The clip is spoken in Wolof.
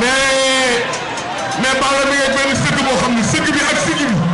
mais mais Balla mi ngi ak benn sëgg boo xam ne sëgg bi ak sëgg bi.